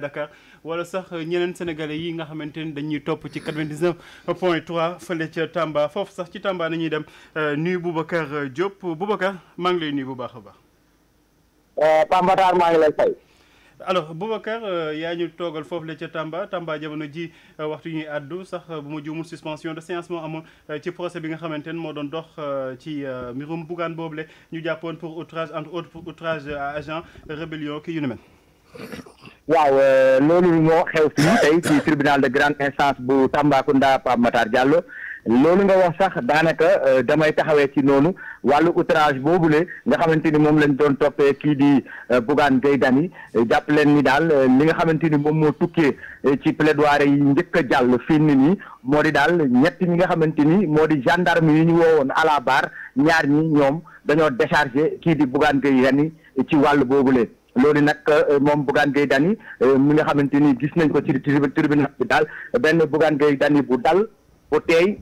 Dakar wala sax ñeneen sénégalais yi nga xamante ni dañuy topp ci 99 point 3 fële ca Tamba foofu sax ci Tamba nañuy dem euh, nuyu Boubacar euh, Diop Boubacar maa ngi lay nuyu bu baax a baax. Euh, Tamba Taar maa ngi lay fay. yaa ñu toogal foofu la ca Tamba Tamba jamono ji waxtu ñuy àddu sax bu ma juumul suspension de séance moo amoon ci procès bi nga xamante ne moo doon dox ci mbirum Bougane boobule ñu jàppoon pour outrage entre autres pour outrage agent rébellion ki yu ni mel. waaw euh, loolu moo xew fii tey ci tribunal de grande instance bu Tambacounda Pape Matar Diallo loolu nga wax sax daanaka euh, damay taxawee ci noonu wàllu outrage boobu boobule nga xamante ni moom lañ doon toppee kii di euh, Bougane Gueye Dany jàpp leen ni daal li nga xamante ni moom moo tukkee ci plaidoirie yi njëkk jàll fii ni nii moo di daal ñett ñi nga xamante ni moo di gendarme yi ñu woowoon à la barre ñaar ñi ñoom dañoo déchargé kii di Bougane Gueye Dany ci wàll boobu boobule. loolu nag euh, moom Bougane Gueye Dany euh, mi nga xamante ni gis nañ ko ci tribunal bi daal benn Bougane Gueye Dany bu dal bu teey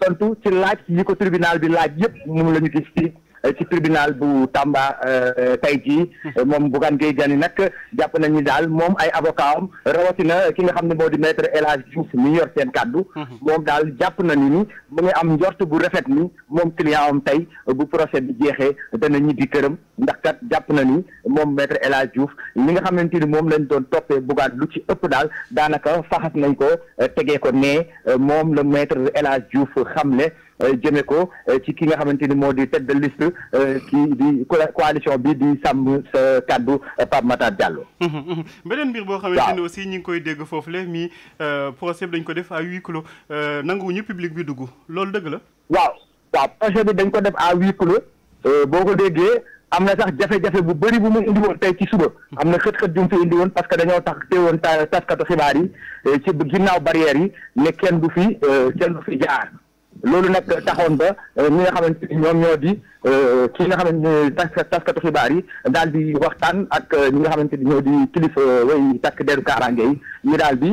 tontu ci laaj yi ko tribinal bi laaj yëpp moom la ñu gis ci Euh, ci tribunal bu Tamba euh, tey jii moom Bougane Gueye ni nag jàpp nañu daal moom ay avocat am rawatina ki nga xam ne moo di maître El Hadj Diouf mi yor seen kàddu mhm. moom daal jàpp nañu ni mu ngi am njort bu rafet ni moom client am tey bu procès bi jeexee dana ñibbi këram ndax kat jàpp na ni moom maître El Hadj Diouf li nga xamante ni moom lañ doon toppee Bougane lu ci ëpp daal daanaka faxas nañ ko euh, tegee ko nee moom la maître El Hadj xam xamle Euh, jëme ko euh, ci ki nga xamante ni moo di tedd de liste euh, kii di coalition bi di sàmm sa kàddu Pape Matar Diallo. beneen mbir boo xamante ni aussi ñu ngi koy dégg foofu le mi procès bi dañ ko def à huis clos nanguwuñu public bi dugg loolu dëgg la. waaw waaw projet bi dañ ko def à huis clos boo ko déggee am na sax jafe-jafe bu bëri bu mu indi woon tey ci suba am na xët-xët ju mu fi indi woon parce que dañoo tax teewoon taskatu xibaar yi ci ginnaaw barrière yi ne kenn du fi kenn bu fi jaar loolu nag taxoon ba euh, ñi nga xamante ni ñoom ñoo di euh, ki nga xamante ni taskatu xibaar yi daal di waxtaan ak euh, ñi nga xamante ni ñoo di kilifa way takk deru kaaraange yi ñu daal di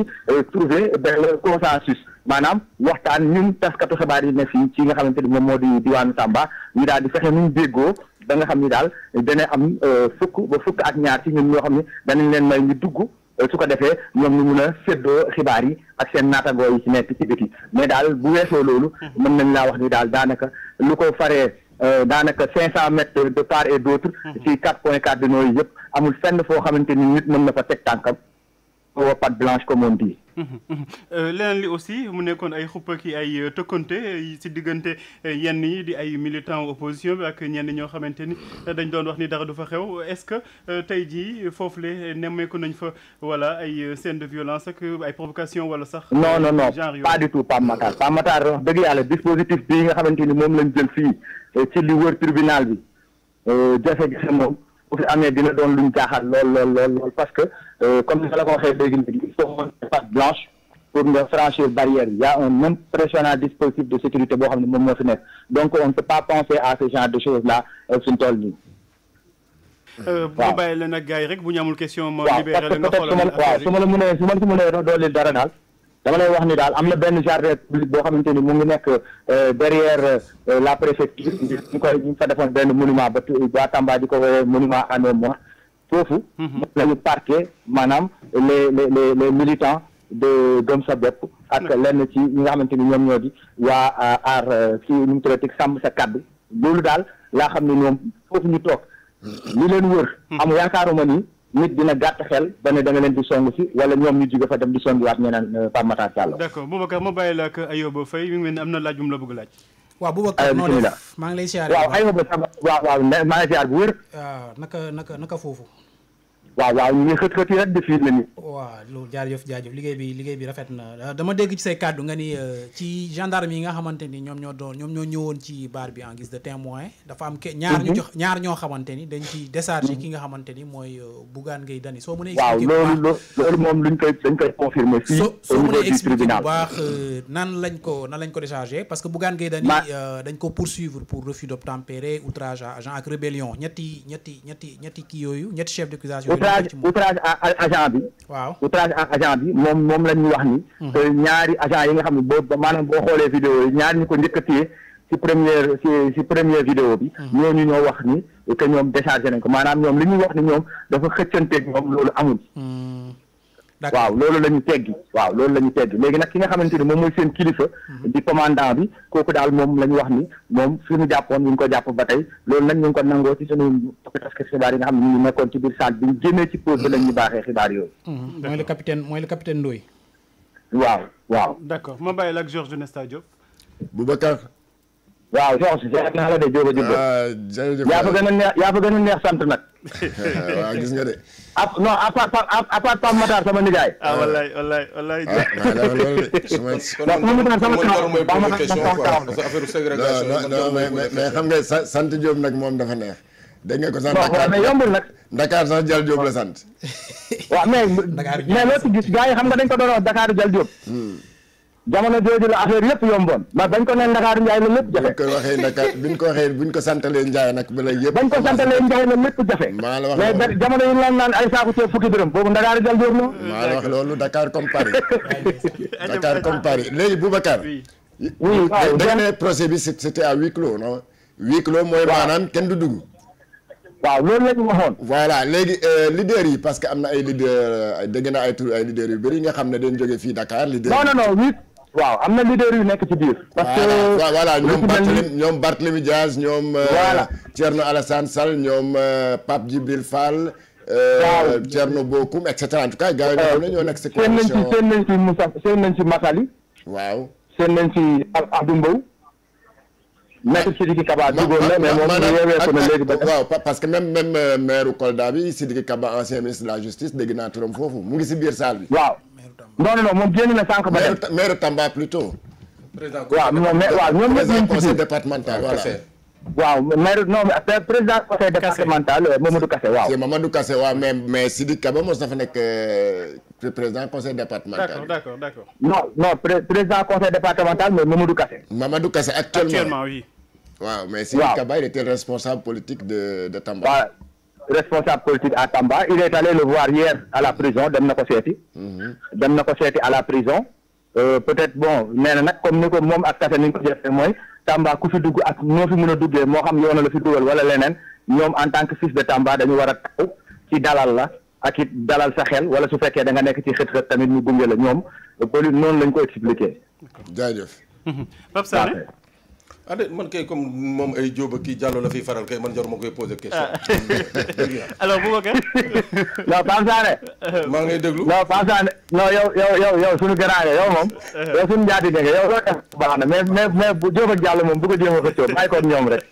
trouver benn consensus maanaam waxtaan ñun taskatu xibaar yi ne fii ci nga xamante ni moom moo di diwaanu Tamba ñi daal di fexe nuñ déggoo ba nga xam ni daal dana am fukk ba fukk ak ñaar ci ñun ñoo xam ne danañ leen may ñu dugg Euh, su ko defee ñoom ñu mun a séddoo xibaar yi ak seen naatangoo yi ci nekk ci biti mais daal bu weesoo loolu mhm. mën nañ laa wax ni daal daanaka lu ko faree euh, daanaka cinq cent mètres de part et d'autre mhm. ci quatre point cardinaux yi yëpp amul fenn foo xamante ni nit mën na fa teg tànkam wa patte blanche comme on dit Euh, leneen li aussi mu nekkoon ay xuppa ki ay euh, tëkkante si euh, diggante yenn yi di ay militant opposition bi ak ñenn ñoo xamante ni dañ doon wax nii dara du fa xew est-ce que tey jii foofu le nemmeeku nañ fa voilà ay scène de violence ak ay provocation wala sax. non non non pas du tout Pape Matar Pape Matar wax dëgg yàlla dispositif bii nga xamante ni moom lañ jël fii ci li tribinal bi jafe-jafe moom. bu fi amee dina doon luñ jaaxal lool lool lool parce que euh, comme ni ma la ko waxee léegi léegi il faut pour nga franchir barrière y a un impressionnant dispositif de sécurité boo xam ne moom moo fi nekk donc on ne peut pas penser à ce genre de choses là suñ euh, toll euh, bu bàyyi la nag gars yi rek bu ñu amul question. ma libéré la nga xoolal su ma la mënee su ma la mënee dooleel dara dama lay wax ni daal am na benn jardin public boo xamante ni mu ngi nekk euh, derrière euh, la préfecture ñu koy ñu fa defoon benn monument ba ba Tamba di ko woowee monument à nos morts foofu mhm. la ñu maanaam les les les les militants de Gëm sa bopp ak lenn ci ñi nga xamante ni ñoom ñoo di waa euh, aar ci nu mu tuddati sàmm sa kàddu loolu daal laa xam ne ñoom foofu ñu toog li leen wër mhm. am yaakaaruma ni nit dina gàtt xel ba ne da leen di song si wala ñoom ñu jóge fa dem di songiwaat ñeneen euh, Pape Matar Diallo. d'accord Boubacar ma bàyyi la ak Ayoba Faye mi ngi mel am na laaj mu la bëgg laaj. waaw Boubacar euh, noonu def maa ngi lay siyaare waaw Ayoba waaw waaw maa ngi siyaare bu wér. waaw ah, naka naka naka foofu. waaw waaw ñu ngi xët-xët yi rek waaw loolu jaajëf jaajëf liggéey bi liggéey bi rafet na euh, dama dégg ci say kàddu nga ni euh, ci gendarme yi nga xamante ni ñoom ñoo doon ñoom ñoo ñëwoon ci baar bi en guise de témoin dafa am ke ñaar ñu mhm. ñaar ñoo xamante ni dañ ci décharge mhm. ki nga xamante ni mooy euh, Bougane Gueye Dany soo mënee waaw loolu loolu moom luñ koy dañ koy confirmer fii soo mënee expliquer bu baax nan lañ ko nan lañ ko déchargé parce que Bougane Gueye Dany dañ ko poursuivre pour refus d'obtempérer outrage à agent ak rébellion ñetti ñetti ñetti ñetti kii yooyu ñetti chef d'accusation outrage outrage agent bi. waaw outrage agent bi moom moom la ñu wax ni. Hmm. ñaari agent yi nga xam ne boo maanaam boo xoolee vidéo yi ñaari ñu ko njëkk a téye ci première ci ci première vidéo bi. Hmm. ñu ñoo wax ni que ñoom déchargé nañ ko maanaam ñoom li ñu wax ni ñoom dafa xëccanteeg ñoom loolu amul. Hmm. waaw loolu la ñu teggi waaw loolu la ñu teggi léegi nag ki nga xamante ni moom mooy seen kilifa mhm. di commandant bi kooku daal moom la ñu wax ni moom suñu jàppoon ñu ko jàpp ba tey loolu nag ñu ngi ko nangoo ci suñu xibaar yi nga xam ne ñu nekkoon ci biir salle bi ñu génnee ci pause bi lañ ñu baaxee xibaar yooyu mhm. mooy le capitaine mooy le capitaine Ndoye waaw waaw d'accord ma bàyyi la ak Georges Nesta Diop Boubacar waaw soxna si ah, a jub. a a neex sant nag. waaw gis nga de. ah non à part à part Pape Matar sama nijaay. ah wallaay wallaay wallaay. ah, ah daa loolu de su ma. ndax mu mais xam nga sant Diop nag moom dafa neex. dégg nga ko sax Dakar mais yombul nag. Dakar sax Jal Diop la sant. waaw mais mais loo ci gis gars xam nga dañ ko doon wax Dakar Jal Diop. Hmm. jamono jooju la affaire yëpp yomboon ndax bañ ko nee Ndakaaru Njaay la lépp jafe. buñ ko waxee Ndakaar buñ ko waxee buñ santalee Njaay nag ba léegi bañ ko santalee Njaay la lépp jafe. maa la wax loolu mais jamono yi ñu naan na. maa la wax loolu Dakar comme Paris Dakar comme Paris léegi Boubacar. oui waaw ne procès bi c'était à huis clos non. huis clos mooy maanaam kenn du dugg. waaw loolu la ñu waxoon. voilà léegi euh, leaders yi parce que am na ay leaders euh, dégg na ay tur ay leaders yu bëri nga xam ne dañ jóge fii Dakar. waaw am na leader yu nekk ci biir. parce que voilà ñoom Barthélémy ñoom Barthélémy Diaz ñoom. Euh, voilà Thierno Alassane Sall ñoom euh, Pape Djibril Fall. Euh, waaw Thierno Bocoum et cetera en tout cas gars yi ñoo ñoo nekk. seen nañ ci seen nañ ci Moussa seen nañ ci Massali. waaw seen nañ ci Abdou Mbow. maître Sidiki Kaba duggoon na mais moom ñu yeewee ko na léegi ba. waaw parce que même même maire Kolda bi Sidiki Kaba ancien ministre de la justice dégg naa turam foofu mu ngi si biir salle bi. waaw. non non moom génn na sànq ba dem maire Tamba plutôt. président waaw moom waaw ñoom ñëpp ñu ngi conseil départemental voilà. waaw maire non président conseil départemental euh, Mamadou Kassé waaw. mais mais Sidiki Kaba fa nekk euh, président conseil départemental. non président conseil départemental mais Mamadou Kassé. Mamadou Kassé actuellement actuellement waaw mais Sidiki Kaba il était responsable politique de de Tamba. responsable politique à Tamba il est allé le voir hier à la prison dem na ko seeti mhm. dem na ko seeti à la prison euh, peut-être bon nee na nag comme ni ko moom ak kase ni ko jëfee mooy Tamba ku fi dugg ak noo fi mun a duggee moo xam yoona la fi dugal wala leneen ñoom en tant que fils de Tamba dañu war a taw ci dalal la ak it dalal sa xel wala su fekkee da nga nekk ci xët-xët tamit mu gunge la ñoom poli noonu lañ ko expliquer jaajëf Pape Sané ah man kay comme moom ay Diop kii Diallo la fiy faral kay man jaruma koy poser question. Ah. alors Boubacar. non Pape maa ngay déglu non Pape Sané non yow yow yow yow suñu garaane yow moom. Uh-huh. yow suñu njaati dégg yow loolu def baax na mais mais mais bu Diop ak Diallo moom bu ko jéem a xëccoo bàyyi ko ñoom rek.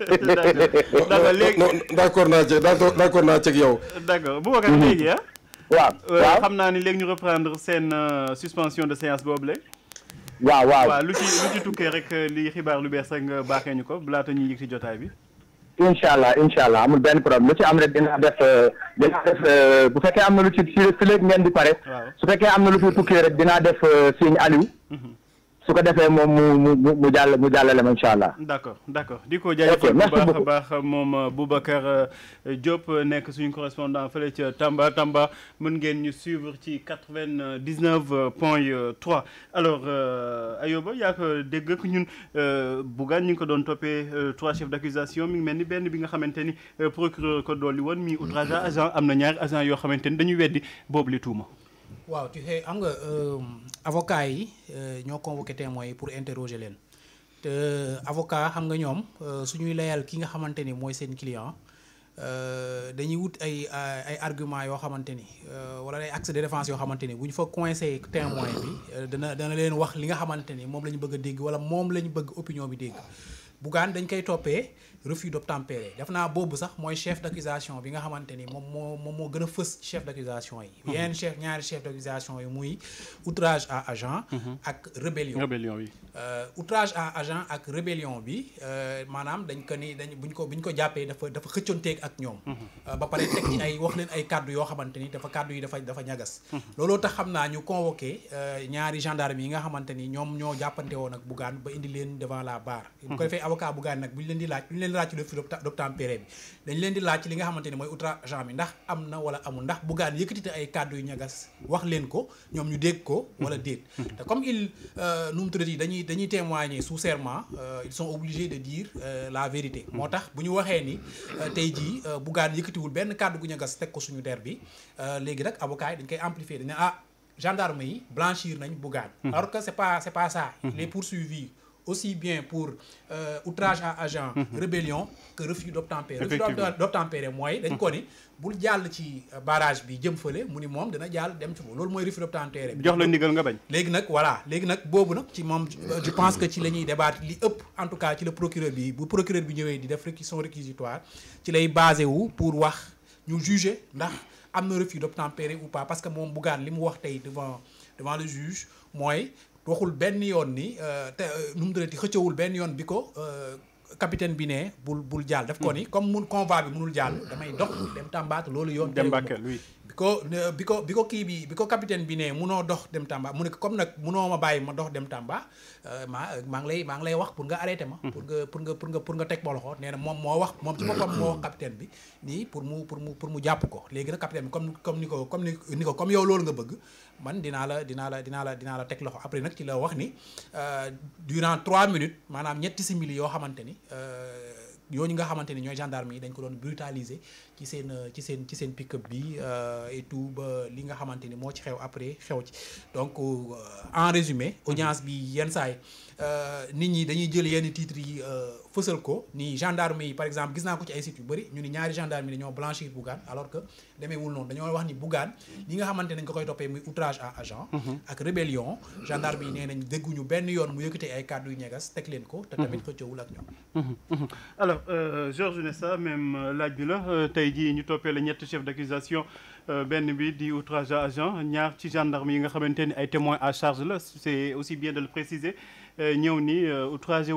d' naa cee d' accord naa ceeg yow. d' accord Boubacar mhm. léegi ah. waaw euh, waaw xam naa ni léegi ñu reprendre seen euh, suspension de séance boobule. waaw waaw lu ci lu ci tukkee rek euh, li xibaar lu bees rek nga euh, baaxee ñu ko laata ñuy yëg ci jotaay bi. incha allah incha allah amul benn problème lu ci am rek dinaa def euh, dinaa def bu fekkee am na lu ci si léegi ngeen di pare. su fekkee am na lu fi tukkee rek dinaa def sëñ Aliou. Mhm. su ko defee moom mu mu mu jàll mu jàllale ma incha allah. d' accord d' accord di ko jaajëfal bu baax a baax moom Boubacar euh, Diop nekk suñu correspondant fële ca Tamba Tamba mën ngeen ñu suivre ci quatre vingt dix neuf point trois alors euh, Ayoba yaa ko dégg ak ñun euh, Bougane ñu ngi ko doon toppee trois chefs d' mi ngi mel ni benn bi nga xamante ni procureur ko dolli woon mi outrage agent am na ñaari agent yoo xamante ni dañuy weddi boobu li ma waaw tu sais xam nga euh, avocat yi euh, ñoo convoqué témoins yi pour interroger leen te avocat xam nga ñoom euh, suñuy layal ki nga xamante ni mooy seen client dañuy wut ay ay arguments yoo xamante ni wala ay accès de défense yoo xamante ni bu ñu fa coincé témoin bi dana dana leen wax li nga xamante ni moom la ñu bëgg dégg wala moom la ñu bëgg opinion bi dégg bugaan dañ koy toppee refus d'obtempérer def naa boobu sax mooy chef d'accusation bi nga xamante ni moom moo moom moo gën a fës chef d'accusation yi mhm. yeneen chef ñaari chef d'accusation yi muy outrage à agent mhm. ak rébellion rébellion oui euh, outrage à agent ak rébellion bi euh, maanaam dañ ko ni dañ buñ ko buñ ko jàppee dafa dafa xëccoonteeg ak ñoom mhm. euh, ba pare teg ci ay wax ay kàddu yoo xamante ni dafa kaddu yi dafa dafa ñagas looloo tax xam naa ñu convoqué ñaari gendarme yi nga xamante ni ñoom ñoo jàppante woon ak Bougane leen devant leen laaj ci lu fi d'obtempérer bi dañ leen di laaj ci li nga xamante na wala wax leen ko ñoom ñu dégg ko wala déet hmm. te comme il euh, nu mu tuddati dañuy dañuy témoigner sous serment euh, ils sont obligés de dire euh, la vérité moo tax bu ñu waxee ni tey jii Bougane yëkkatiwul benn kàddu gu ñagas teg ko suñu der bi léegi nag avocat dañ koy amplifier dañ ne ah gendarme yi blanchir nañ Bougane hmm. alors que c'est pas c'est pas ça hmm. les poursuivis aussi bien pour euh, outrage à agent mhm. rébellion que refus d'obtempérer refus d'obtempérer mooy dañ ko ni bul jàll ci euh, barrage bi jëm fële mu ni moom dana jàll dem si moom loolu mooy refus d'obtempérer bi jox la ndigal nga bañ léegi nag voilà léegi nag boobu nag ci moom euh, je pense que ci la ñuy débattre li ëpp en tout cas ci la procureur bi bu procureur bi ñëwee di def réquisition réquisitoire ci lay basé wu pour wax ñu juger ndax am na refus d'obtempérer ou pas parce que moom Bougane li mu wax tey devant devant le juge mooy waxul benn yoon ni euh, te euh, nu mu tuddati xëccawul benn yoon bi ko euh, capitaine bi ne bul bul jàll daf ko ni mm. comme mun convoi bi munul jàll damay dox dem Tamba loolu yoon. dem Bakel bi ko bi ko bi kii bi bi ko capitaine bi ne munoo dox dem Tamba mu ne comme nag munoo ma bàyyi ma dox dem Tamba euh, maa euh, maa ngi lay maa ngi lay wax pour nga arrêté ma. Hmm. pour nga pour nga pour nga pour teg ma loxo nee moom moo wax. moom ci boppam moo wax capitaine bi nii pour mu pour mu mu jàpp ko léegi na capitaine bi comme ni ko comme ni ko comme yow loolu nga bëgg man dinaa la dinaa la dinaa la dinaa la teg loxo après nag ci la wax ni euh, durant trois minutes maanaam ñetti simili yoo xamante ni. ñooñu nga xamante ni ñooy gendarme yi dañ ko doon brutaliser ci seen ci seen ci seen pick-up bi euh, et li nga xamante ni moo ci xew après xew ci donc euh, en résumé audience bi yenn saay euh, nit ñi dañuy jël yenn titres yi fësal ko ni gendarme yi par exemple gis naa ko ci ay sites yu bëri ñu ni ñaari gendarme yi dañoo blanchir Bougane alors que demeewul noonu dañoo wax ni Bougane li nga xamante nañ ko koy toppee muy outrage à agent mhm. ak rébellion gendarme yi nee nañ dégguñu benn yoon mu yëkkatee ay kàddu yu ñegas teg leen ko te tamit mhm. xëccoowul ak ñoom mhm. alors euh, euh, Georges même euh, laaj bi la euh, tey jii ñu toppee la ñetti chef d'accusation benn bi di outrage à agent ñaar ci gendarme yi nga xamante ni ay témoins à charge la c'est aussi bien de le préciser ñëw ni outrage